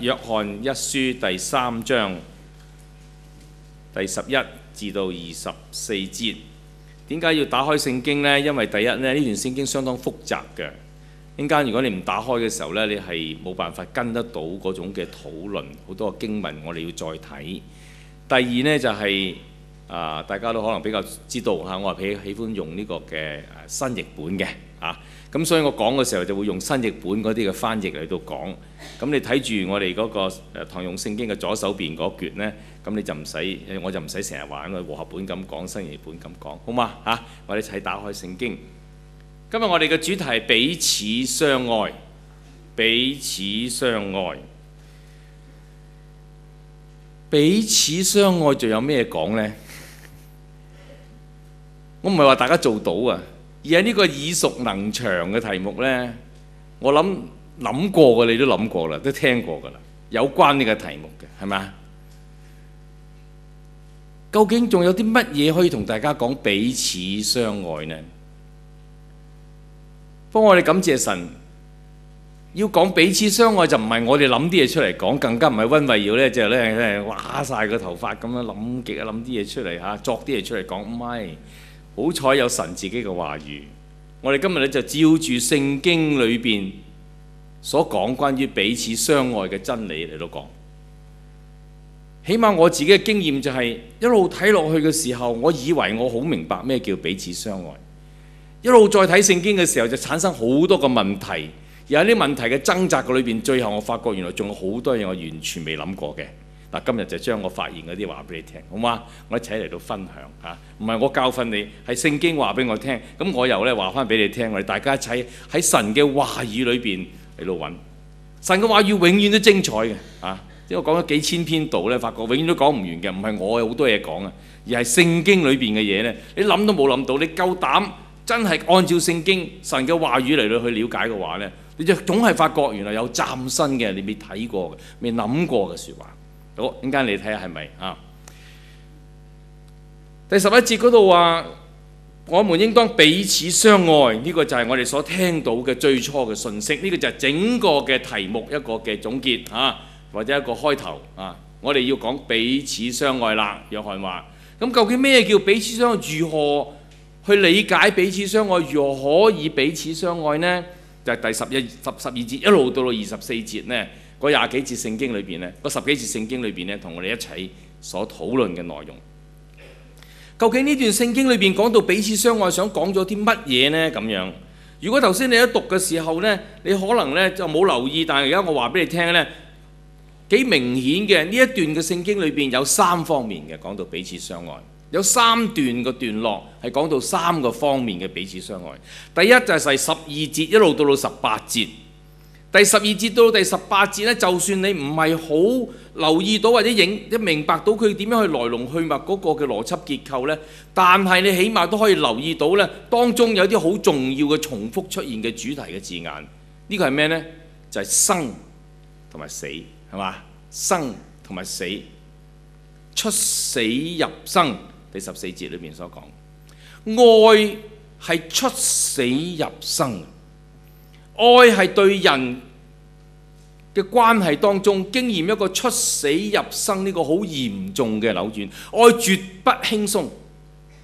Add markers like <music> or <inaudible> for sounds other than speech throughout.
約翰一書第三章第十一至到二十四節，點解要打開聖經呢？因為第一呢，呢段聖經相當複雜嘅，一陣間如果你唔打開嘅時候呢，你係冇辦法跟得到嗰種嘅討論，好多嘅經文我哋要再睇。第二呢，就係、是、啊、呃，大家都可能比較知道嚇，我係喜喜歡用呢個嘅新譯本嘅。啊，咁所以我講嘅時候就會用新譯本嗰啲嘅翻譯嚟到講。咁你睇住我哋嗰個誒唐用聖經嘅左手邊嗰橛呢，咁你就唔使，我就唔使成日玩個和合本咁講，新譯本咁講，好嘛？嚇，我哋一齊打開聖經。今日我哋嘅主題係彼此相愛，彼此相愛，彼此相愛仲有咩講呢？我唔係話大家做到啊。而喺呢個耳熟能詳嘅題目咧，我諗諗過嘅你都諗過啦，都聽過噶啦，有關呢個題目嘅，係咪啊？究竟仲有啲乜嘢可以同大家講彼此相愛呢？不過我哋感謝神，要講彼此相愛就唔係我哋諗啲嘢出嚟講，更加唔係温偉耀咧就咧誒哇曬個頭髮咁樣諗極啊諗啲嘢出嚟嚇，作啲嘢出嚟講，唔係。好彩有神自己嘅話語，我哋今日咧就照住聖經裏邊所講關於彼此相愛嘅真理嚟到講。起碼我自己嘅經驗就係，一路睇落去嘅時候，我以為我好明白咩叫彼此相愛。一路再睇聖經嘅時候，就產生好多個問題。而喺啲問題嘅掙扎嘅裏邊，最後我發覺原來仲有好多嘢我完全未諗過嘅。嗱，今日就將我發現嗰啲話俾你聽，好唔好啊？我一齊嚟到分享嚇，唔係我教訓你，係聖經話俾我聽，咁我又咧話翻俾你聽，我哋大家一齊喺神嘅話語裏邊嚟到揾神嘅話語，永遠都精彩嘅嚇、啊。因為講咗幾千篇道咧，發覺永遠都講唔完嘅，唔係我有好多嘢講啊，而係聖經裏邊嘅嘢咧，你諗都冇諗到，你夠膽真係按照聖經神嘅話語嚟到去了解嘅話呢？你就總係發覺原來有嶄新嘅，你未睇過嘅，未諗過嘅説話。好，陣間你睇下係咪啊？第十一節嗰度話，我們應當彼此相愛，呢個就係我哋所聽到嘅最初嘅信息。呢個就係整個嘅題目一個嘅總結啊，或者一個開頭啊。我哋要講彼此相愛啦。約翰話：，咁究竟咩叫彼此相愛？如何去理解彼此相愛？如何可以彼此相愛呢？就係第十一、十十二節一路到到二十四節呢？嗰廿幾節聖經裏邊呢，嗰十幾節聖經裏邊呢，同我哋一齊所討論嘅內容，究竟呢段聖經裏邊講到彼此相愛，想講咗啲乜嘢呢？咁樣，如果頭先你一讀嘅時候呢，你可能呢就冇留意，但係而家我話俾你聽呢，幾明顯嘅呢一段嘅聖經裏邊有三方面嘅講到彼此相愛，有三段嘅段落係講到三個方面嘅彼此相愛。第一就係十二節一路到到十八節。第十二節到第十八節呢，就算你唔係好留意到或者影、即明白到佢點樣去來龍去脈嗰個嘅邏輯結構呢，但係你起碼都可以留意到呢，當中有啲好重要嘅重複出現嘅主題嘅字眼。呢個係咩呢？就係生同埋死，係嘛？生同埋死，出死入生。第十四節裏面所講，愛係出死入生。愛係對人嘅關係當中，經驗一個出死入生呢個好嚴重嘅扭轉。愛絕不輕鬆，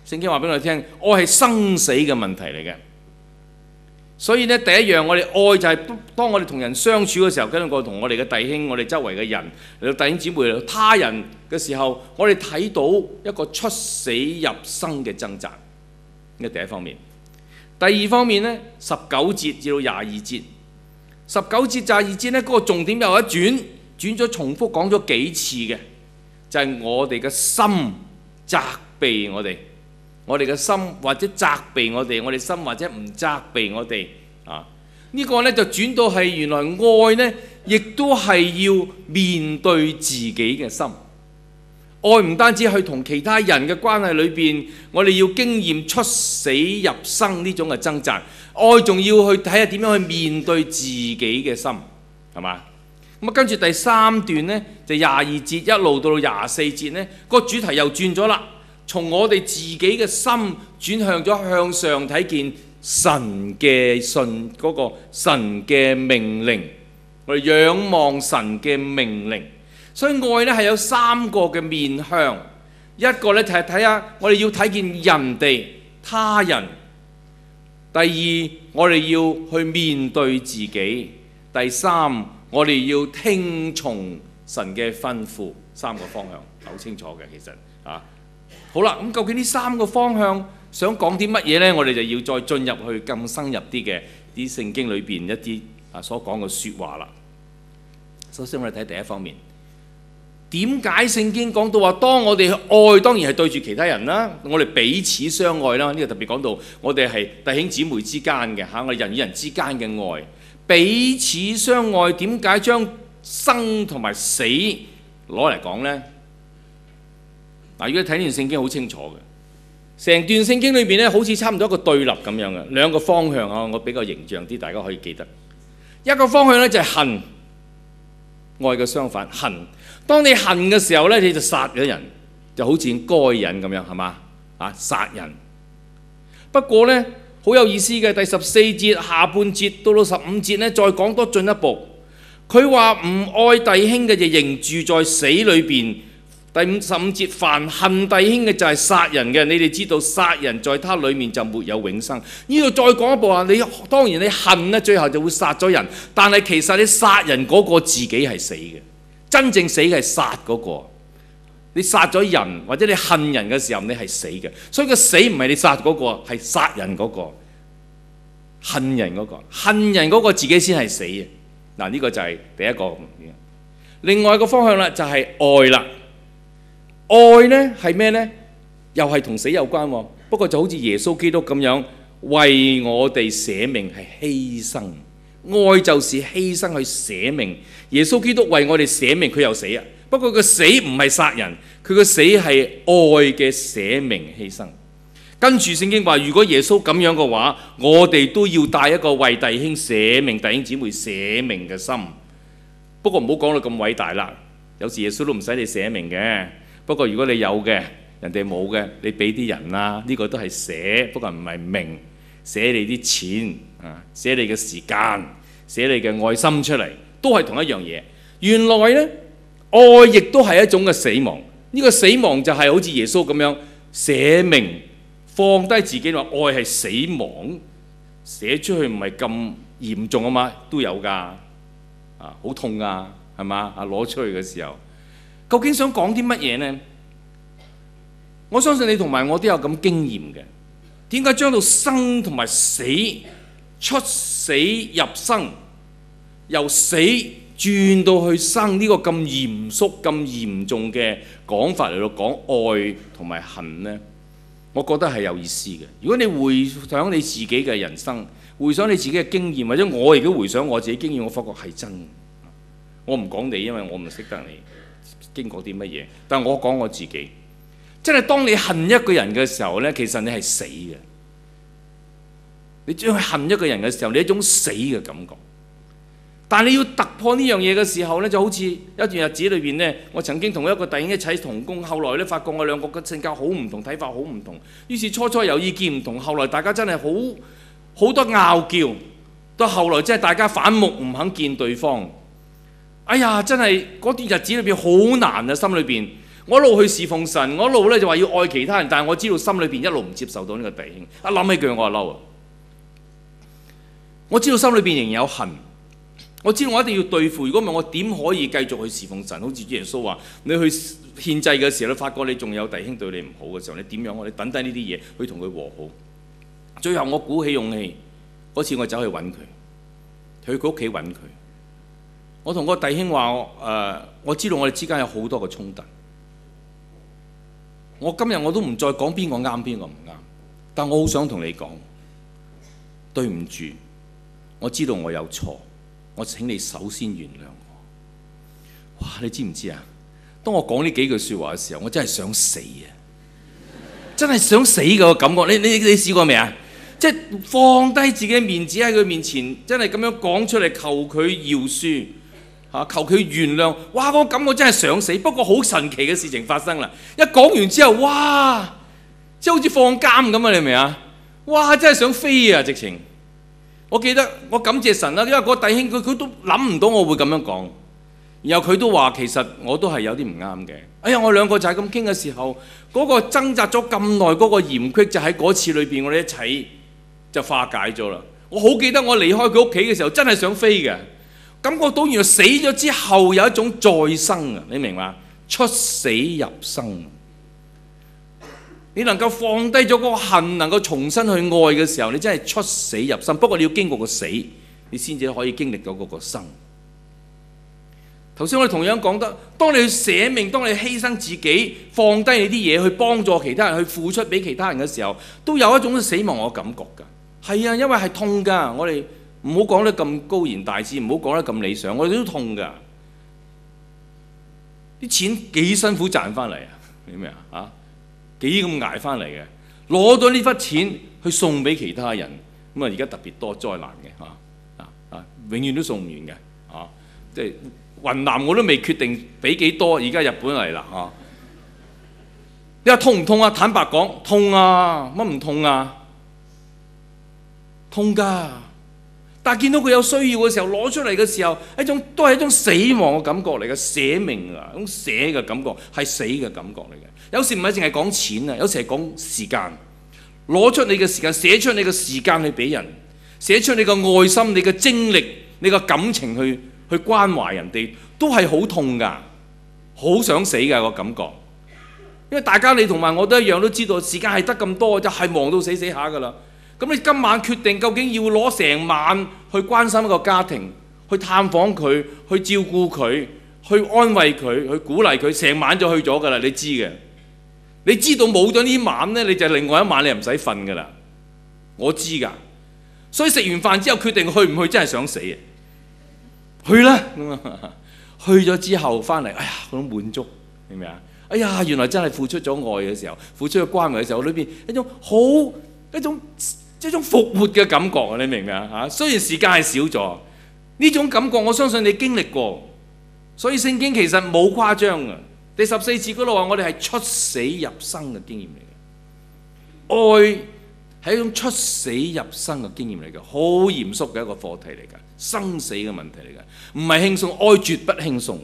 聖經話俾我哋聽，愛係生死嘅問題嚟嘅。所以呢，第一樣我哋愛就係當我哋同人相處嘅時候，跟住同我哋嘅弟兄、我哋周圍嘅人、弟兄姊妹、他人嘅時候，我哋睇到一個出死入生嘅掙扎。呢第一方面。第二方面呢，十九節至到廿二節，十九節、廿二節呢，嗰個重點又一轉，轉咗重複講咗幾次嘅，就係我哋嘅心責備我哋，我哋嘅心或者責備我哋，我哋心或者唔責備我哋啊。呢個呢，就轉到係原來愛呢，亦都係要面對自己嘅心。愛唔單止去同其他人嘅關係裏邊，我哋要經驗出死入生呢種嘅掙扎。愛仲要去睇下點樣去面對自己嘅心，係嘛？咁啊，跟住第三段咧，就廿二節一路到到廿四節咧，個主題又轉咗啦，從我哋自己嘅心轉向咗向上睇見神嘅信嗰個神嘅命令，我哋仰望神嘅命令。所以愛咧係有三個嘅面向，一個咧就係睇下我哋要睇見人哋他人；第二，我哋要去面對自己；第三，我哋要聽從神嘅吩咐。三個方向，好清楚嘅。其實啊，好啦，咁究竟呢三個方向想講啲乜嘢呢？我哋就要再進入去更深入啲嘅啲聖經裏邊一啲啊所講嘅説話啦。首先我哋睇第一方面。點解聖經講到話，當我哋愛當然係對住其他人啦，我哋彼此相愛啦。呢個特別講到我哋係弟兄姊妹之間嘅嚇，我哋人與人之間嘅愛，彼此相愛。點解將生同埋死攞嚟講呢？嗱，如果睇完聖經好清楚嘅，成段聖經裏邊呢，好似差唔多一個對立咁樣嘅兩個方向啊。我比較形象啲，大家可以記得一個方向呢，就係恨，愛嘅相反，恨。當你恨嘅時候呢，你就殺咗人，就好似該人咁樣，係嘛？啊，殺人。不過呢，好有意思嘅，第十四節下半節到到十五節呢，再講多進一步。佢話唔愛弟兄嘅就仍住在死裏面。第五十五節，凡恨弟兄嘅就係殺人嘅。你哋知道殺人在他裡面就沒有永生。呢度再講一步啊，你當然你恨呢，最後就會殺咗人。但係其實你殺人嗰個自己係死嘅。真正死嘅係殺嗰個，你殺咗人或者你恨人嘅時候，你係死嘅。所以個死唔係你殺嗰個，係殺人嗰個，恨人嗰個，恨人嗰個自己先係死嘅。嗱呢個就係第一個。另外一個方向啦，就係愛啦。愛呢係咩呢？又係同死有關喎。不過就好似耶穌基督咁樣，為我哋捨命係犧牲。愛就是犧牲去捨命，耶穌基督為我哋捨命，佢又死啊！不過佢死唔係殺人，佢個死係愛嘅捨命犧牲。跟住聖經話，如果耶穌咁樣嘅話，我哋都要帶一個為弟兄捨命、弟兄姊妹捨命嘅心。不過唔好講到咁偉大啦，有時耶穌都唔使你捨命嘅。不過如果你有嘅，人哋冇嘅，你俾啲人啦，呢個都係捨，不過唔係命。寫你啲錢啊，寫你嘅時間，寫你嘅愛心出嚟，都係同一樣嘢。原來呢，愛亦都係一種嘅死亡。呢個死亡就係好似耶穌咁樣寫明放低自己話愛係死亡，寫出去唔係咁嚴重啊嘛，都有噶啊，好痛啊，係嘛啊，攞出去嘅時候，究竟想講啲乜嘢呢？我相信你同埋我都有咁經驗嘅。點解將到生同埋死、出死入生，由死轉到去生呢個咁嚴肅、咁嚴重嘅講法嚟到講愛同埋恨呢？我覺得係有意思嘅。如果你回想你自己嘅人生，回想你自己嘅經驗，或者我亦都回想我自己經驗，我發覺係真。我唔講你，因為我唔識得你經過啲乜嘢，但我講我自己。真係當你恨一個人嘅時候呢，其實你係死嘅。你將去恨一個人嘅時候，你一種死嘅感覺。但你要突破呢樣嘢嘅時候呢，就好似一段日子裏邊呢，我曾經同一個弟兄一齊同工，後來呢，發覺我兩個嘅性格好唔同，睇法好唔同，於是初初有意見唔同，後來大家真係好好多拗叫，到後來真係大家反目唔肯見對方。哎呀，真係嗰段日子裏邊好難啊，心裏邊。我一路去侍奉神，我一路咧就話要愛其他人，但係我知道心裏邊一路唔接受到呢個弟兄。一諗起佢，我就嬲啊！我知道心裏邊仍然有恨，我知道我一定要對付。如果唔係，我點可以繼續去侍奉神？好似主耶穌話，你去獻祭嘅時候，你發覺你仲有弟兄對你唔好嘅時候，你點樣？我哋等低呢啲嘢，去同佢和好。最後我鼓起勇氣，嗰次我走去搵佢，去佢屋企搵佢。我同個弟兄話，誒、呃，我知道我哋之間有好多嘅衝突。我今日我都唔再講邊個啱邊個唔啱，但我好想同你講，對唔住，我知道我有錯，我請你首先原諒我。哇！你知唔知啊？當我講呢幾句説話嘅時候，我真係想死啊！真係想死嗰個感覺。你你你試過未啊？即係放低自己的面子喺佢面前真的這，真係咁樣講出嚟求佢饒恕。嚇、啊！求佢原諒，哇！嗰個感覺真係想死。不過好神奇嘅事情發生啦！一講完之後，哇！即係好似放監咁啊！你明唔明啊？哇！真係想飛啊！直情，我記得我感謝神啦，因為嗰弟兄佢佢都諗唔到我會咁樣講。然後佢都話其實我都係有啲唔啱嘅。哎呀！我兩個就喺咁傾嘅時候，嗰個掙扎咗咁耐嗰個嫌隙就喺嗰次裏邊，我哋一齊就化解咗啦。我好記得我離開佢屋企嘅時候，真係想飛嘅。感覺到原來死咗之後有一種再生啊，你明嘛？出死入生，你能夠放低咗個恨，能夠重新去愛嘅時候，你真係出死入生。不過你要經過個死，你先至可以經歷到嗰個生。頭先我哋同樣講得，當你去捨命，當你犧牲自己，放低你啲嘢去幫助其他人，去付出俾其他人嘅時候，都有一種死亡嘅感覺噶。係啊，因為係痛噶，我哋。唔好講得咁高言大志，唔好講得咁理想。我哋都痛噶，啲錢幾辛苦賺翻嚟啊？明唔明啊？嚇，幾咁捱翻嚟嘅？攞咗呢筆錢去送俾其他人，咁啊而家特別多災難嘅嚇，啊啊，永遠都送唔完嘅，啊，即係雲南我都未決定俾幾多，而家日本嚟啦，嚇、啊，你話痛唔痛啊？坦白講，痛啊，乜唔痛啊？痛㗎。但係見到佢有需要嘅時候攞出嚟嘅時候，一種都係一種死亡嘅感覺嚟嘅，寫命啊，種寫嘅感覺係死嘅感覺嚟嘅。有時唔係淨係講錢啊，有時係講時間，攞出你嘅時間，寫出你嘅時間去俾人，寫出你嘅愛心、你嘅精力、你嘅感情去去關懷人哋，都係好痛噶，好想死嘅、嗰個感覺。因為大家你同埋我都一樣都知道，時間係得咁多就係、是、忙到死死下㗎啦。咁你今晚決定究竟要攞成晚去關心一個家庭，去探訪佢，去照顧佢，去安慰佢，去鼓勵佢，成晚就去咗㗎啦，你知嘅。你知道冇咗呢晚呢，你就另外一晚你又唔使瞓㗎啦。我知㗎，所以食完飯之後決定去唔去真係想死啊！去啦，去咗之後翻嚟，哎呀好滿足，明唔明？哎呀原來真係付出咗愛嘅時候，付出咗關懷嘅時候，裏邊一種好一種。這種復活嘅感覺啊，你明唔明啊？嚇，雖然時間係少咗，呢種感覺我相信你經歷過，所以聖經其實冇誇張啊。第十四節嗰度話：我哋係出死入生嘅經驗嚟嘅，愛係一種出死入生嘅經驗嚟嘅，好嚴肅嘅一個課題嚟嘅，生死嘅問題嚟嘅，唔係輕鬆，愛絕不輕鬆，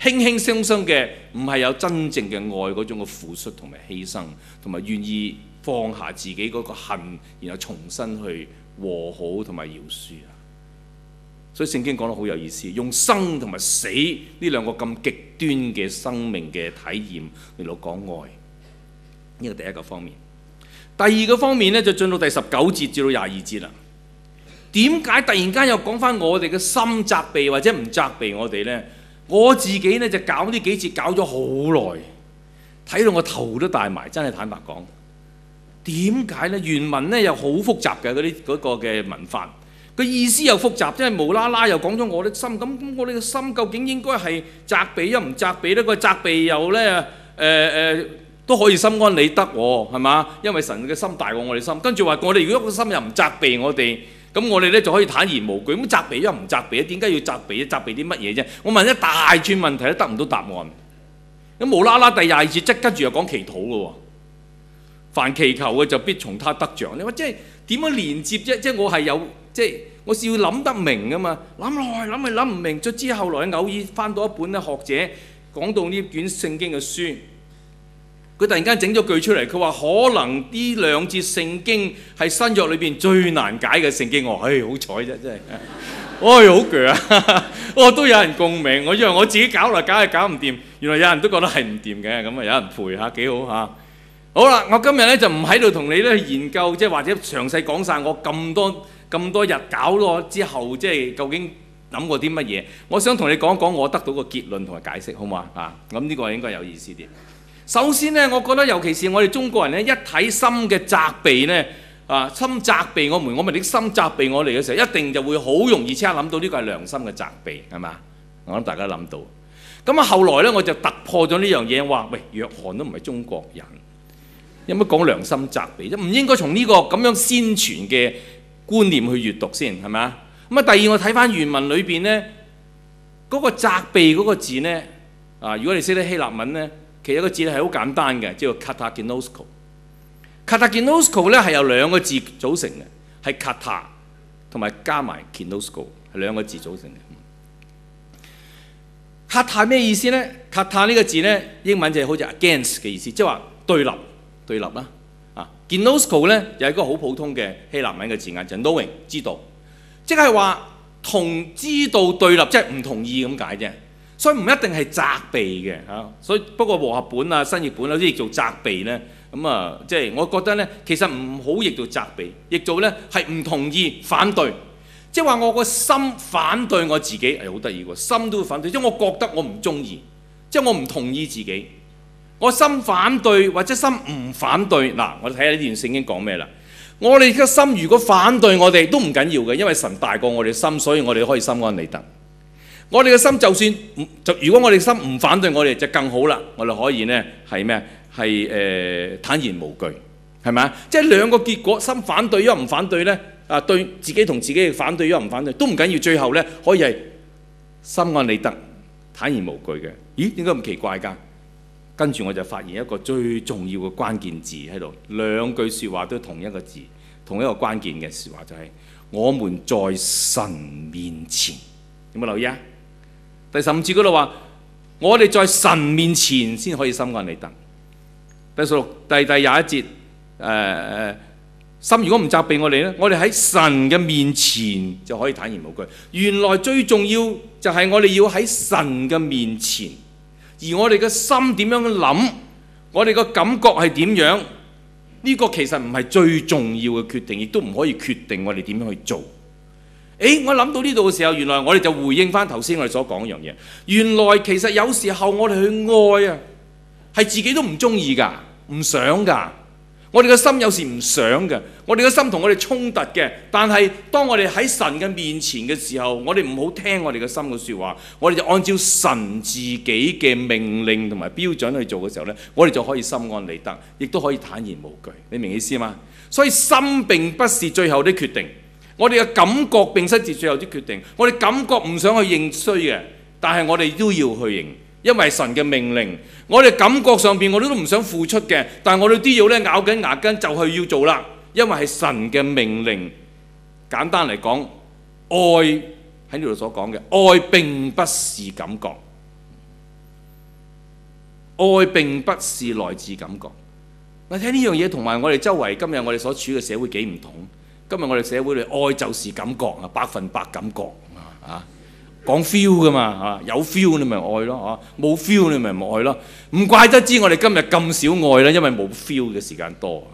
輕輕鬆鬆嘅唔係有真正嘅愛嗰種嘅付出同埋犧牲同埋願意。放下自己嗰個恨，然後重新去和好同埋饒恕啊！所以聖經講得好有意思，用生同埋死呢兩個咁極端嘅生命嘅體驗嚟到講愛。呢個第一個方面，第二個方面呢，就進到第十九節至到廿二節啦。點解突然間又講翻我哋嘅心責備或者唔責備我哋呢？我自己呢，就搞呢幾節搞咗好耐，睇到我頭都大埋，真係坦白講。點解呢？原文呢又好複雜嘅嗰啲嗰個嘅文法，佢意思又複雜，即係無啦啦又講咗我哋心，咁咁我哋嘅心究竟應該係責備又唔責備呢？個責備又呢？誒、呃、誒、呃、都可以心安理得喎，係嘛？因為神嘅心大過我哋心，跟住話我哋如果個心又唔責備我哋，咁我哋呢就可以坦然無懼。咁責備又唔責備咧？點解要責備咧？責備啲乜嘢啫？我問一大串問題都得唔到答案。咁無啦啦第廿二節即跟住又講祈禱嘅喎。凡祈求嘅就必從他得著。你話即係點樣連接啫？即係我係有即係，我是要諗得明㗎嘛。諗嚟諗去諗唔明，卒之後來偶爾翻到一本咧學者講到呢卷聖經嘅書，佢突然間整咗句出嚟，佢話可能呢兩節聖經係新約裏邊最難解嘅聖經。我唉好彩啫，真係。唉、 <laughs> 哎、好攰啊！我、 <laughs> 哦、都有人共鳴。我以為我自己搞嚟搞去搞唔掂，原來有人都覺得係唔掂嘅，咁啊有人陪下幾好吓。好啦，我今日咧就唔喺度同你咧研究，即係或者詳細講晒我咁多咁多日搞咗之後，即係究竟諗過啲乜嘢？我想同你講一講我得到個結論同埋解釋，好嘛？啊，咁，嗯，呢個應該有意思啲。首先呢，我覺得尤其是我哋中國人咧，一睇心嘅責備呢，啊，心責備我們，我哋啲心責備我哋嘅時候，一定就會好容易即刻諗到呢個係良心嘅責備係嘛？我諗大家諗到。咁，嗯，啊，後來呢，我就突破咗呢樣嘢，話喂，約翰都唔係中國人。有乜講良心責備？唔應該從呢個咁樣先傳嘅觀念去閱讀先係咪啊？咁啊，第二我睇翻原文裏邊咧，嗰、嗰個責備嗰個字咧，啊，如果你識得希臘文咧，其實一個字咧係好簡單嘅，即係 c a t a g i n o s c o c a t a g i n o s c o 咧係由兩個字組成嘅，係 c a t a 同埋加埋 g i n o s c o 係兩個字組成嘅。c、嗯、a t a 咩意思咧 c a t a 呢個字咧，英文就係好似 against 嘅意思，即係話對立。對立啦、啊，啊 Ginosko 咧就係一個好普通嘅希臘文嘅字眼，就係、knowing 知道，即係話同知道對立，即係唔同意咁解啫。所以唔一定係責備嘅嚇、啊，所以不過和合本啊、新約本啦、啊，都譯做責備咧。咁、嗯、啊，即係我覺得咧，其實唔好譯做責備，譯做咧係唔同意、反對，即係話我個心反對我自己，係好得意喎，心都會反對，即係我覺得我唔中意，即係我唔同意自己。我心反對或者心唔反對嗱，我哋睇下呢段聖經講咩啦。我哋嘅心如果反對我哋都唔緊要嘅，因為神大過我哋心，所以我哋可以心安理得。我哋嘅心就算就，如果我哋心唔反對我哋就更好啦。我哋可以呢，係咩啊？係、呃、坦然無懼，係咪啊？即係兩個結果，心反對抑或唔反對呢，啊，對自己同自己嘅反對抑或唔反對都唔緊要，最後呢，可以係心安理得、坦然無懼嘅。咦？點解咁奇怪噶？跟住我就發現一個最重要嘅關鍵字喺度，兩句説話都同一個字，同一個關鍵嘅説話就係、是、我們在神面前，有冇留意啊？第十五節嗰度話，我哋在神面前先可以心安理得。第十六、第第廿一節，誒、呃、心如果唔責備我哋呢，我哋喺神嘅面前就可以坦然無懼。原來最重要就係我哋要喺神嘅面前。而我哋嘅心點樣諗，我哋嘅感覺係點樣？呢個其實唔係最重要嘅決定，亦都唔可以決定我哋點樣去做。誒，我諗到呢度嘅時候，原來我哋就回應翻頭先我哋所講一樣嘢。原來其實有時候我哋去愛啊，係自己都唔中意㗎，唔想㗎。我哋嘅心有時唔想嘅，我哋嘅心同我哋衝突嘅。但係當我哋喺神嘅面前嘅時候，我哋唔好聽我哋嘅心嘅説話，我哋就按照神自己嘅命令同埋標準去做嘅時候呢，我哋就可以心安理得，亦都可以坦然無懼。你明意思嘛？所以心並不是最後的決定，我哋嘅感覺並不是最後的決定。我哋感覺唔想去認衰嘅，但係我哋都要去認。因為神嘅命令，我哋感覺上邊我都都唔想付出嘅，但係我哋都要咧，咬緊牙根就係要做啦，因為係神嘅命令。簡單嚟講，愛喺呢度所講嘅愛，並不是感覺，愛並不是來自感覺。你睇呢樣嘢，同埋我哋周圍今日我哋所處嘅社會幾唔同。今日我哋社會裏愛就是感覺啊，百分百感覺啊。講 feel 噶嘛。吓有 feel 你咪愛咯，吓冇 feel 你咪唔愛咯。唔怪得知我哋今日咁少愛啦，因為冇 feel 嘅時間多，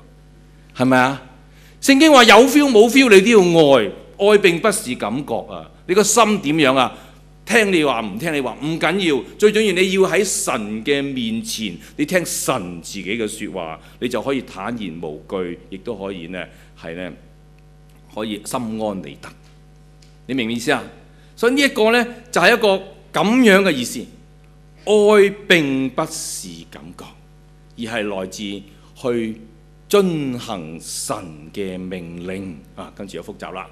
係咪啊？聖經話有 feel 冇 feel 你都要愛，愛並不是感覺啊，你個心點樣啊？聽你話唔聽你話唔緊要，最重要你要喺神嘅面前，你聽神自己嘅說話，你就可以坦然無懼，亦都可以呢，係呢，可以心安理得。你明唔意思啊？所以這個呢、就是、一個咧，就係一個咁樣嘅意思。愛並不是感覺，而係來自去遵行神嘅命令。啊，跟住又複雜啦，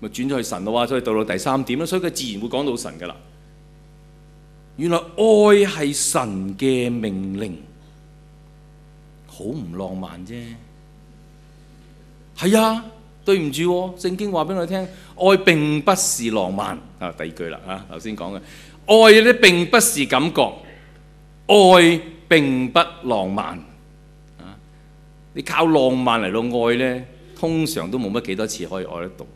咪轉咗去神啦喎，所以到到第三點，所以佢自然會講到神㗎喇。原來愛係神嘅命令，好唔浪漫啫。係啊。對唔住，聖經話俾我哋聽，愛並不是浪漫啊。第二句啦，啊，頭先講嘅愛咧，並不是感覺，愛並不浪漫啊。你靠浪漫嚟到愛呢，通常都冇乜幾多次可以愛得到。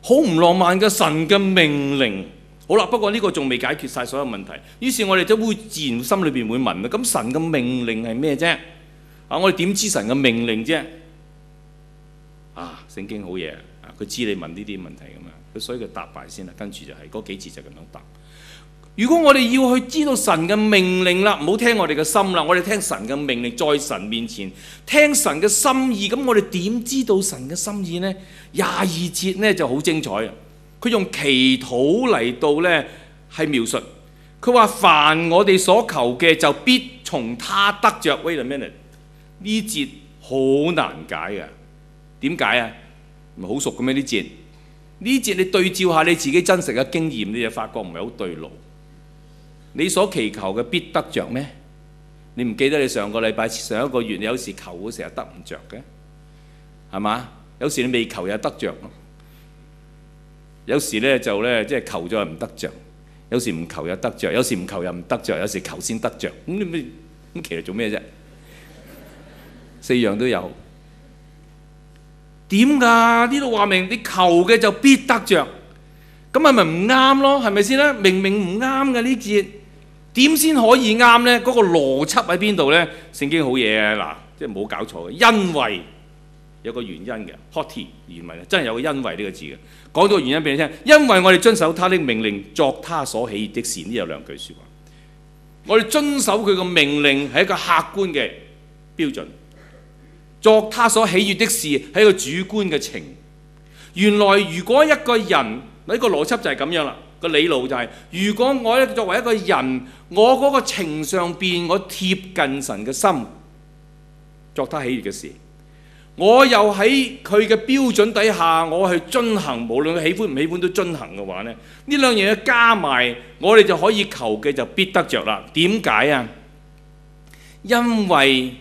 好唔浪漫嘅神嘅命令，好啦。不過呢個仲未解決晒所有問題，於是我哋就會自然心裏邊會問啦。咁神嘅命令係咩啫？啊，我哋點知神嘅命令啫？正經好嘢、啊，佢知你問呢啲問題㗎嘛？佢所以佢答埋先啦，跟住就係、是、嗰幾節就咁樣答。如果我哋要去知道神嘅命令啦，唔好聽我哋嘅心啦，我哋聽神嘅命令，在神面前聽神嘅心意，咁我哋點知道神嘅心意呢？廿二節呢就好精彩啊！佢用祈禱嚟到呢係描述，佢話凡我哋所求嘅就必從他得着。Wait a minute，呢節好難解㗎，點解啊？唔係好熟咁樣咩？呢節，呢節你對照下你自己真實嘅經驗，你就發覺唔係好對路。你所祈求嘅必得着咩？你唔記得你上個禮拜上一個月你有時求嘅時候得唔着嘅，係嘛？有時你未求又得着。有時咧就咧即係求咗又唔得着。有時唔求又得着。有時唔求又唔得着。有時求先得着。咁你咁其實做咩啫？四樣都有。點噶？呢度話明你求嘅就必得着，咁係咪唔啱咯？係咪先咧？明明唔啱嘅呢節，點先可以啱呢？嗰個邏輯喺邊度呢？聖經好嘢啊！嗱，即係冇搞錯嘅，因為有個原因嘅。hoti 原文真係有個因為呢個字嘅，講到原因俾你聽。因為我哋遵守他的命令，作他所喜悅的事，呢有兩句説話。我哋遵守佢嘅命令係一個客觀嘅標準。作他所喜悅的事，係一個主觀嘅情。原來如果一個人，呢個邏輯就係咁樣啦。個理路就係：如果我作為一個人，我嗰個情上邊我貼近神嘅心，作他喜悅嘅事，我又喺佢嘅標準底下，我去遵行，無論佢喜歡唔喜歡都遵行嘅話咧，呢兩樣嘢加埋，我哋就可以求嘅就必得着啦。點解啊？因為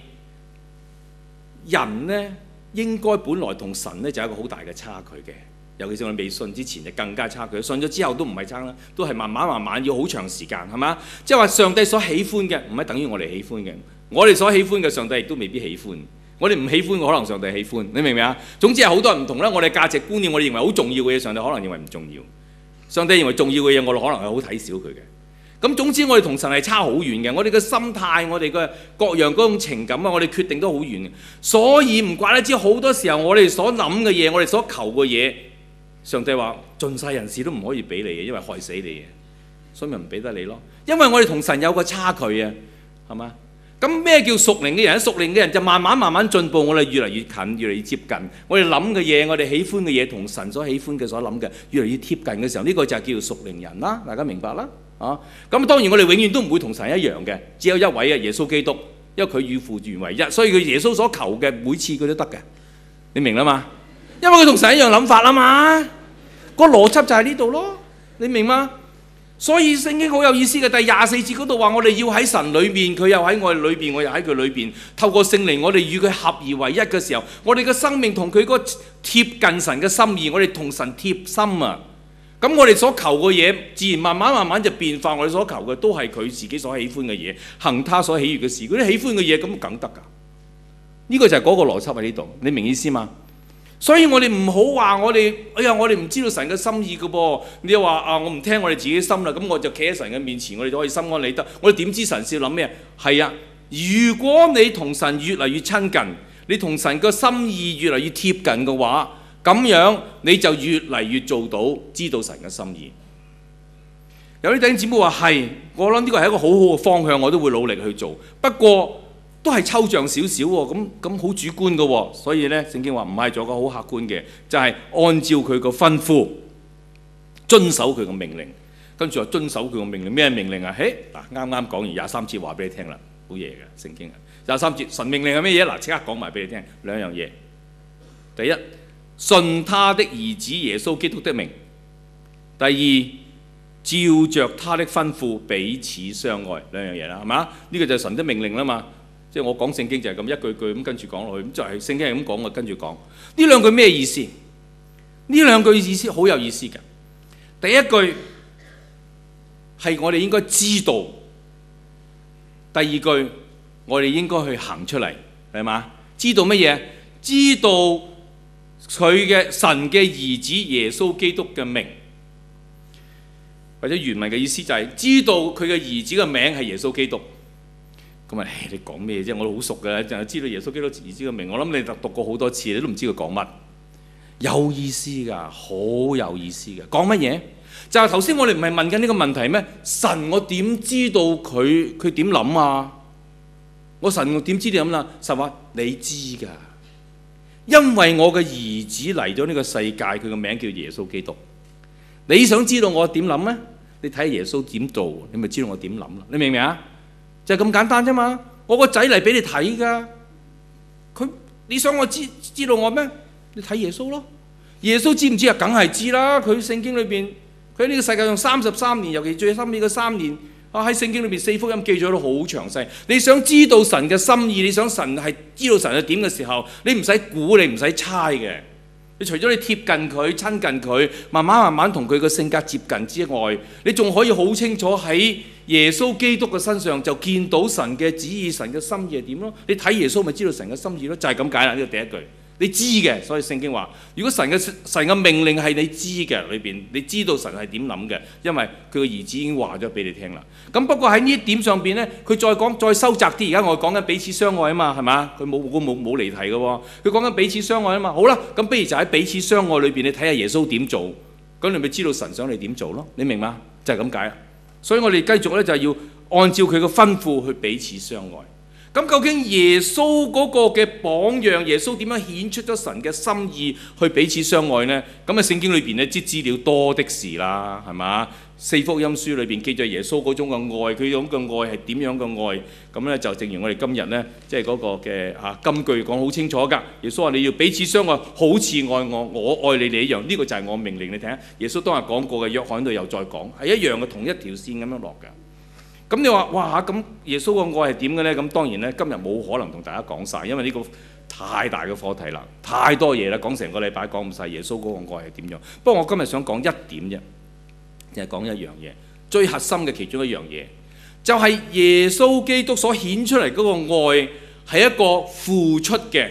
人呢應該本來同神呢就係一個好大嘅差距嘅，尤其是我哋未信之前就更加差距，信咗之後都唔係差啦，都係慢慢慢慢要好長時間，係嘛？即係話上帝所喜歡嘅唔係等於我哋喜歡嘅，我哋所喜歡嘅上帝亦都未必喜歡，我哋唔喜歡嘅可能上帝喜歡，你明唔明啊？總之係好多唔同啦，我哋價值觀念我哋認為好重要嘅嘢，上帝可能認為唔重要，上帝認為重要嘅嘢，我哋可能係好睇小佢嘅。咁總之我，我哋同神係差好遠嘅。我哋嘅心態，我哋嘅各樣嗰種情感啊，我哋決定都好遠嘅。所以唔怪得知好多時候我哋所諗嘅嘢，我哋所求嘅嘢，上帝話盡世人士都唔可以俾你嘅，因為害死你嘅，所以咪唔俾得你咯。因為我哋同神有個差距啊，係嘛？咁咩叫屬靈嘅人？屬靈嘅人就慢慢慢慢進步，我哋越嚟越近，越嚟越接近。我哋諗嘅嘢，我哋喜歡嘅嘢，同神所喜歡嘅、所諗嘅越嚟越貼近嘅時候，呢個就係叫屬靈人啦。大家明白啦。啊，咁當然我哋永遠都唔會同神一樣嘅，只有一位啊，耶穌基督，因為佢與父原為一，所以佢耶穌所求嘅每次佢都得嘅，你明啦嘛？因為佢同神一樣諗法啊嘛，個邏輯就喺呢度咯，你明嗎？所以聖經好有意思嘅，第廿四節嗰度話我哋要喺神裏面，佢又喺我哋裏邊，我又喺佢裏邊，透過聖靈我哋與佢合而為一嘅時候，我哋嘅生命同佢個貼近神嘅心意，我哋同神貼心啊！咁我哋所求嘅嘢，自然慢慢慢慢就變化。我哋所求嘅都係佢自己所喜歡嘅嘢，行他所喜悅嘅事。嗰啲喜歡嘅嘢，咁梗得㗎。呢個就係嗰個邏輯喺呢度，你明意思嘛？所以我哋唔好話我哋，哎呀，我哋唔知道神嘅心意嘅噃。你又話啊，我唔聽我哋自己心啦，咁我就企喺神嘅面前，我哋就可以心安理得。我哋點知神要諗咩？係啊，如果你同神越嚟越親近，你同神嘅心意越嚟越貼近嘅話，咁樣你就越嚟越做到知道神嘅心意。有啲弟兄姊妹話係，我諗呢個係一個好好嘅方向，我都會努力去做。不過都係抽象少少喎，咁咁好主觀嘅喎。所以呢，聖經話唔係做個好客觀嘅，就係按照佢嘅吩咐，遵守佢嘅命令，跟住話遵守佢嘅命令。咩命令啊？誒嗱，啱啱講完廿三節話俾你聽啦，好嘢嘅聖經啊。廿三節神命令係咩嘢啊？嗱，即刻講埋俾你聽，兩樣嘢。第一。信他的兒子耶穌基督的名。第二，照着他的吩咐彼此相愛，兩樣嘢啦，係嘛？呢、呢個就神的命令啦嘛。即係我講聖經就係咁一句句咁跟住講落去，咁就係、係、聖經係咁講嘅，跟住講呢兩句咩意思？呢兩句意思好有意思嘅。第一句係我哋應該知道，第二句我哋應該去行出嚟，係嘛？知道乜嘢？知道。佢嘅神嘅兒子耶穌基督嘅名，或者原文嘅意思就係知道佢嘅兒子嘅名係耶穌基督。咁啊，你講咩啫？我好熟嘅，就係知道耶穌基督兒子嘅名。我諗你讀讀過好多次，你都唔知佢講乜。有意思㗎，好有意思嘅。講乜嘢？就係頭先我哋唔係問緊呢個問題咩？神我點知道佢佢點諗啊？我神我點知你咁啦？實話你知㗎。因為我嘅兒子嚟咗呢個世界，佢個名叫耶穌基督。你想知道我點諗咩？你睇下耶穌點做，你咪知道我點諗啦。你明唔明啊？就係咁簡單啫嘛。我個仔嚟俾你睇噶。佢你想我知知道我咩？你睇耶穌咯。耶穌知唔知啊？梗係知啦。佢聖經裏邊，佢喺呢個世界上三十三年，尤其最深屘嗰三年。啊！喺聖經裏邊四福音記載到好詳細，你想知道神嘅心意，你想神係知道神係點嘅時候，你唔使估，你唔使猜嘅。你除咗你貼近佢、親近佢，慢慢慢慢同佢個性格接近之外，你仲可以好清楚喺耶穌基督嘅身上就見到神嘅旨意、神嘅心意係點咯。你睇耶穌咪知道神嘅心意咯，就係咁解啦。呢個第一句。你知嘅，所以聖經話：如果神嘅神嘅命令係你知嘅，裏邊你知道神係點諗嘅，因為佢個兒子已經話咗俾你聽啦。咁不過喺呢一點上邊呢，佢再講再收窄啲。而家我哋講緊彼此相愛啊嘛，係咪？佢冇佢冇冇離題嘅喎。佢講緊彼此相愛啊嘛。好啦，咁不如就喺彼此相愛裏邊，你睇下耶穌點做，咁你咪知道神想你點做咯。你明嗎？就係咁解。所以我哋繼續呢，就係要按照佢嘅吩咐去彼此相愛。咁究竟耶穌嗰個嘅榜樣，耶穌點樣顯出咗神嘅心意去彼此相愛呢？咁啊聖經裏邊呢，啲資料多的是啦，係嘛？四福音書裏邊記咗耶穌嗰種嘅愛，佢種嘅愛係點樣嘅愛？咁呢，就正如我哋今日呢，即係嗰個嘅啊金句講好清楚㗎。耶穌話你要彼此相愛，好似愛我，我愛你哋一樣。呢個就係我命令你聽。耶穌當日講過嘅，約翰度又再講，係一樣嘅，同一條線咁樣落嘅。咁你話哇嚇，咁耶穌個愛係點嘅呢？咁當然呢，今日冇可能同大家講晒，因為呢個太大嘅課題啦，太多嘢啦，講成個禮拜講唔晒耶穌嗰個愛係點樣？不過我今日想講一點啫，就係講一樣嘢，最核心嘅其中一樣嘢，就係耶穌基督所顯出嚟嗰個愛係一個付出嘅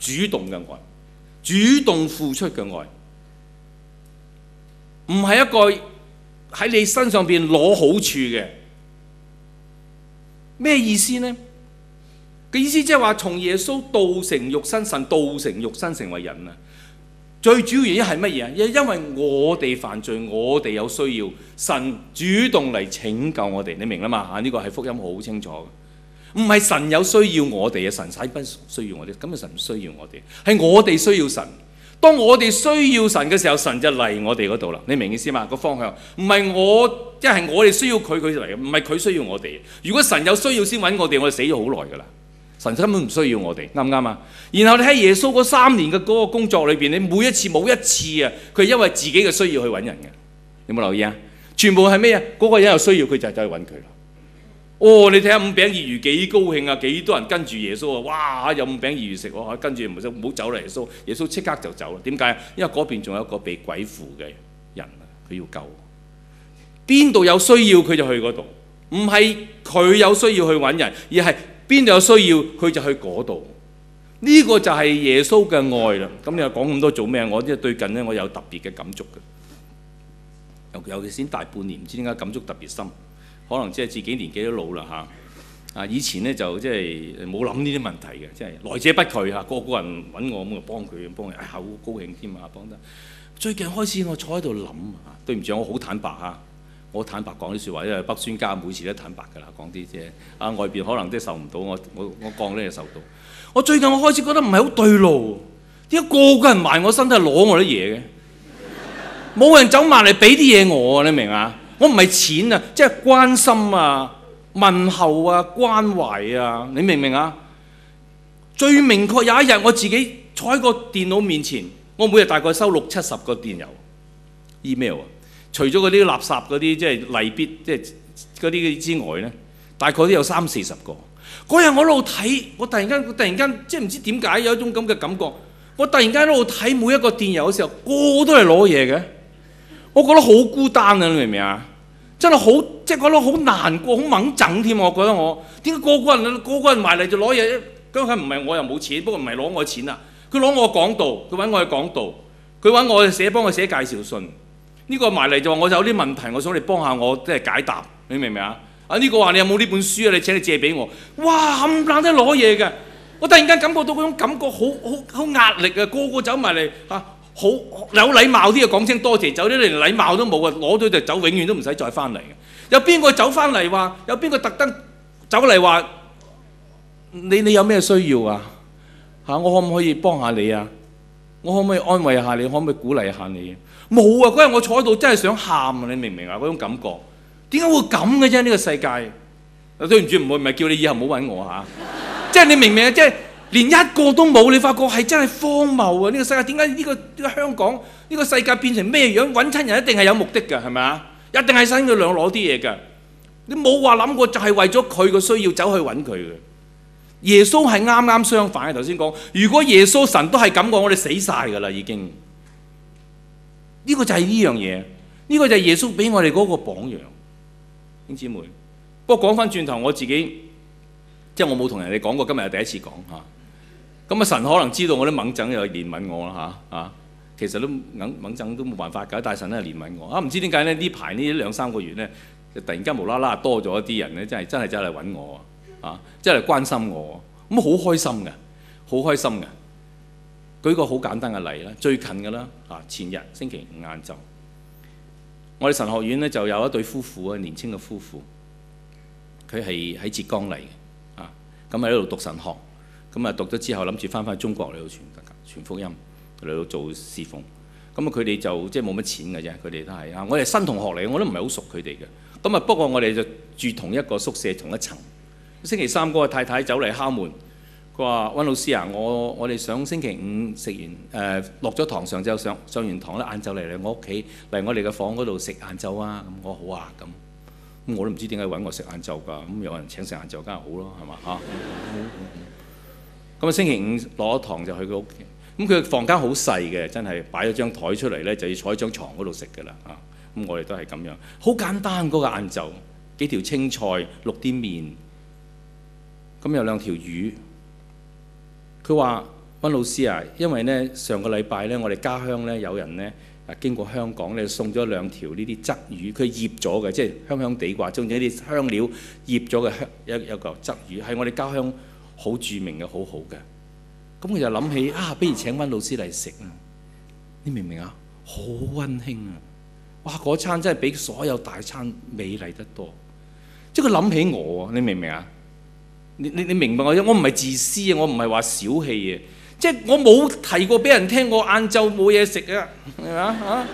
主動嘅愛，主動付出嘅愛，唔係一個喺你身上邊攞好處嘅。咩意思呢？嘅意思即係話從耶穌道成肉身，神道成肉身成為人啊！最主要原因係乜嘢啊？因因為我哋犯罪，我哋有需要，神主動嚟拯救我哋，你明啦嘛？吓、這、呢個係福音好清楚嘅，唔係神有需要我哋啊，神使不需要我哋，今日神唔需要我哋，係我哋需要神。當我哋需要神嘅時候，神就嚟我哋嗰度啦。你明意思嘛？個方向唔係我，即係我哋需要佢，佢嚟嘅，唔係佢需要我哋。如果神有需要先揾我哋，我哋死咗好耐噶啦。神根本唔需要我哋，啱唔啱啊？然後你喺耶穌嗰三年嘅嗰個工作裏邊，你每一次冇一次啊，佢因為自己嘅需要去揾人嘅。有冇留意啊？全部係咩啊？嗰個人有需要，佢就走去揾佢。哦，你睇下五餅二魚幾高興啊！幾多人跟住耶穌啊？哇！有五餅二魚食喎，跟住唔好走，唔好走啦！耶穌，耶穌即刻就走啦。點解啊？因為嗰邊仲有一個被鬼附嘅人啊，佢要救。邊度有需要佢就去嗰度，唔係佢有需要去搵人，而係邊度有需要佢就去嗰度。呢個就係耶穌嘅愛啦。咁你又講咁多做咩啊？我即係最近咧，我有特別嘅感觸嘅，尤其先大半年，唔知點解感觸特別深。可能即係自己年紀都老啦，吓，啊以前咧就即係冇諗呢啲問題嘅，即係來者不拒吓，個個人揾我咁就幫佢幫佢，好、哎、高興添啊幫得。最近開始我坐喺度諗吓，對唔住我好坦白吓，我坦白講啲説話，因為北宣家每次都坦白㗎啦，講啲啫，啊外邊可能都受唔到我，我我講呢就受到。 <laughs> 我最近我開始覺得唔係好對路，點解個個人埋我身都係攞我啲嘢嘅？冇 <laughs> 人走埋嚟俾啲嘢我啊，你明啊？我唔係錢啊，即係關心啊、問候啊、關懷啊，你明唔明啊？最明確有一日，我自己坐喺個電腦面前，我每日大概收六七十個電郵 email 啊。除咗嗰啲垃圾嗰啲，即係利弊，即係嗰啲之外咧，大概都有三四十個。嗰日我喺度睇，我突然間，突然間，突然間即係唔知點解有一種咁嘅感覺。我突然間喺度睇每一個電郵嘅時候，個個都係攞嘢嘅。我覺得好孤單啊！你明唔明啊？真係好，即係覺得好難過、好猛整添。我覺得我點解個個人都個個人埋嚟就攞嘢？咁佢唔係我又冇錢，不過唔係攞我錢啦。佢攞我講道，佢揾我去講道，佢揾我去寫幫我寫介紹信。呢個埋嚟就話我有啲問題，我想你幫下我，即係解答。你明唔明啊？啊呢個話你有冇呢本書啊？你請你借俾我。哇冚唪唥都攞嘢嘅，我突然間感覺到嗰種感覺好好好壓力啊！個個走埋嚟嚇。好，好有禮貌啲嘅講聲多謝，走咗連禮貌都冇啊！攞咗就走，永遠都唔使再翻嚟嘅。有邊個走翻嚟話？有邊個特登走嚟話？你你有咩需要啊？嚇，我可唔可以幫下你啊？我可唔可以安慰下你？可唔可以鼓勵下你？冇啊！嗰日我坐喺度真係想喊啊！你明唔明啊？嗰種感覺點解會咁嘅啫？呢個世界啊，對唔住，唔會唔係叫你以後唔好揾我嚇。即係你明唔明啊？即係。連一個都冇，你發覺係真係荒謬啊！呢個世界點解呢個香港呢個世界變成咩樣？揾親人一定係有目的㗎，係咪啊？一定係新佢兩攞啲嘢㗎。你冇話諗過就係為咗佢個需要走去揾佢嘅。耶穌係啱啱相反啊！頭先講，如果耶穌神都係咁講，我哋死晒㗎啦已經了了。呢個就係呢樣嘢，呢個就係耶穌俾我哋嗰個榜樣。兄姊妹，不過講返轉頭，我自己即係我冇同人哋講過，今日係第一次講吓。咁啊！神可能知道我啲猛疹又憐憫我啦嚇啊！其實都猛猛疹都冇辦法㗎，但係神都係憐憫我啊！唔知點解咧？呢排呢兩三個月咧，就突然間無啦啦多咗一啲人咧，真係真係嚟揾我啊！真係關心我，咁，啊，嗯，好開心嘅，好開心嘅。舉個好簡單嘅例啦，最近㗎啦啊，前日星期五晏晝，我哋神學院咧就有一對夫婦啊，年青嘅夫婦，佢係喺浙江嚟嘅啊，咁喺度讀神學。咁啊讀咗之後，諗住翻返中國嚟度傳福音，嚟度做侍奉。咁啊，佢哋就即係冇乜錢嘅啫，佢哋都係啊。我哋新同學嚟，我都唔係好熟佢哋嘅。咁啊，不過我哋就住同一個宿舍，同一層。星期三嗰、那個太太走嚟敲門，佢話：温老師啊，我我哋上星期五食完誒落咗堂上，上晝上上完堂咧，晏晝嚟嚟我屋企嚟我哋嘅房嗰度食晏晝啊。咁、嗯、我好啊咁。咁、嗯、我都唔知點解搵我食晏晝㗎。咁、嗯、有人請食晏晝，梗係好咯，係嘛嚇？啊嗯嗯咁啊星期五攞堂就去佢屋企。咁佢房間好細嘅，真係擺咗張台出嚟咧，就要坐喺張床嗰度食噶啦啊！咁、嗯、我哋都係咁樣，好簡單嗰、那個晏晝，幾條青菜，淥啲麵，咁、嗯、有兩條魚。佢話：温老師啊，因為咧上個禮拜咧，我哋家鄉咧有人咧啊經過香港咧送咗兩條呢啲鯽魚，佢醃咗嘅，即係香香地啩，用咗啲香料醃咗嘅香一一個鯽魚，係我哋家鄉。好著名嘅，好好嘅，咁佢就諗起啊，不如請翻老師嚟食啊！你明唔明啊？好温馨啊！哇，嗰餐真係比所有大餐美麗得多，即係佢諗起我喎，你明唔明啊？你你你明白我？我唔係自私啊，我唔係話小氣嘅，即係我冇提過俾人聽我晏晝冇嘢食啊，係咪啊？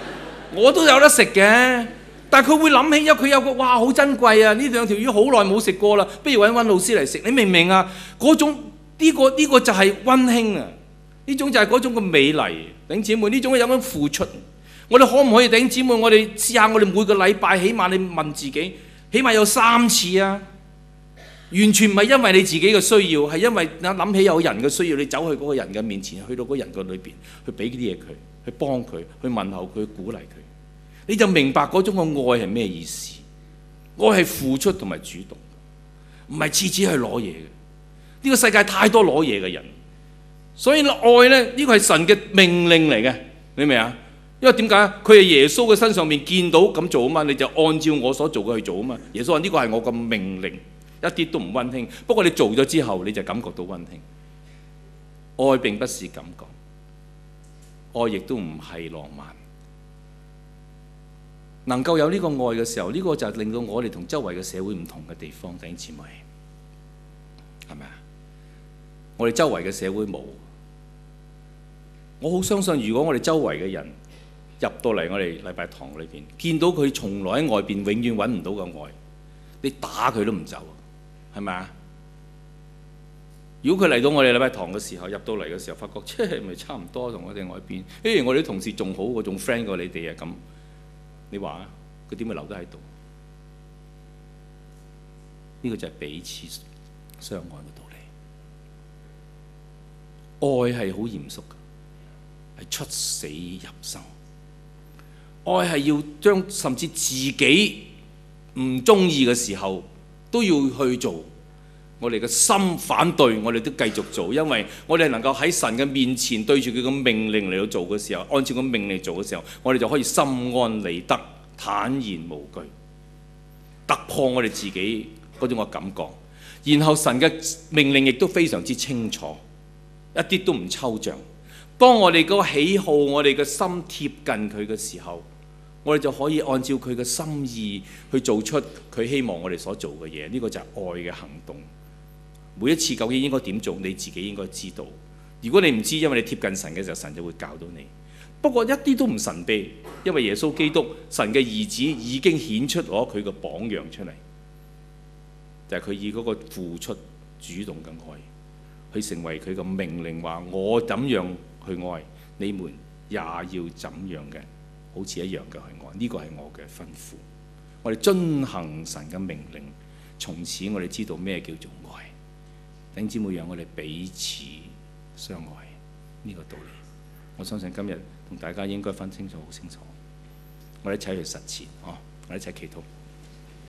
我都有得食嘅。但係佢會諗起，因為佢有個哇好珍貴啊！呢兩條魚好耐冇食過啦，不如揾温老師嚟食。你明唔明啊？嗰種呢、這個呢、這個就係温馨啊！呢種就係嗰種嘅美麗，頂姊妹呢種有乜付出？我哋可唔可以頂姊妹？我哋試下，我哋每個禮拜起碼你問自己，起碼有三次啊！完全唔係因為你自己嘅需要，係因為諗起有人嘅需要，你走去嗰個人嘅面前，去到嗰人嘅裏邊，去俾啲嘢佢，去幫佢，去問候佢，鼓勵佢。你就明白嗰種嘅愛係咩意思？愛係付出同埋主動，唔係次次去攞嘢嘅。呢個世界太多攞嘢嘅人，所以愛呢，呢個係神嘅命令嚟嘅，你明唔明啊？因為點解？佢係耶穌嘅身上面見到咁做啊嘛，你就按照我所做嘅去做啊嘛。耶穌話：呢個係我嘅命令，一啲都唔温馨。不過你做咗之後，你就感覺到温馨。愛並不是感覺，愛亦都唔係浪漫。能夠有呢個愛嘅時候，呢個就係令到我哋同周圍嘅社會唔同嘅地方，頂前位係咪啊？我哋周圍嘅社會冇，我好相信，如果我哋周圍嘅人入到嚟我哋禮拜堂裏邊，見到佢從來喺外邊永遠揾唔到嘅愛，你打佢都唔走，係咪啊？如果佢嚟到我哋禮拜堂嘅時候，入到嚟嘅時候，發覺，切，咪差唔多同我哋外邊，咦，我哋啲同事仲好，我仲 friend 過你哋啊咁。你話啊，佢點解留低喺度？呢、這個就係彼此相愛嘅道理。愛係好嚴肅嘅，係出死入生。愛係要將甚至自己唔鍾意嘅時候都要去做。我哋嘅心反對，我哋都繼續做，因為我哋能夠喺神嘅面前對住佢嘅命令嚟到做嘅時候，按照個命令做嘅時候，我哋就可以心安理得、坦然無懼，突破我哋自己嗰種嘅感覺。然後神嘅命令亦都非常之清楚，一啲都唔抽象。當我哋嗰個喜好、我哋嘅心貼近佢嘅時候，我哋就可以按照佢嘅心意去做出佢希望我哋所做嘅嘢。呢、這個就係愛嘅行動。每一次究竟應該點做，你自己應該知道。如果你唔知，因為你貼近神嘅時候，神就會教到你。不過一啲都唔神秘，因為耶穌基督神嘅兒子已經顯出咗佢嘅榜樣出嚟，就係佢以嗰個付出主動嘅愛，去成為佢嘅命令，話我怎樣去愛你們，也要怎樣嘅，好似一樣嘅去愛。呢個係我嘅吩咐，我哋遵行神嘅命令。從此我哋知道咩叫做。等姊妹讓我哋彼此相愛，呢個道理，我相信今日同大家應該分清楚好清楚，我哋一齊去實踐哦，我哋一齊祈禱。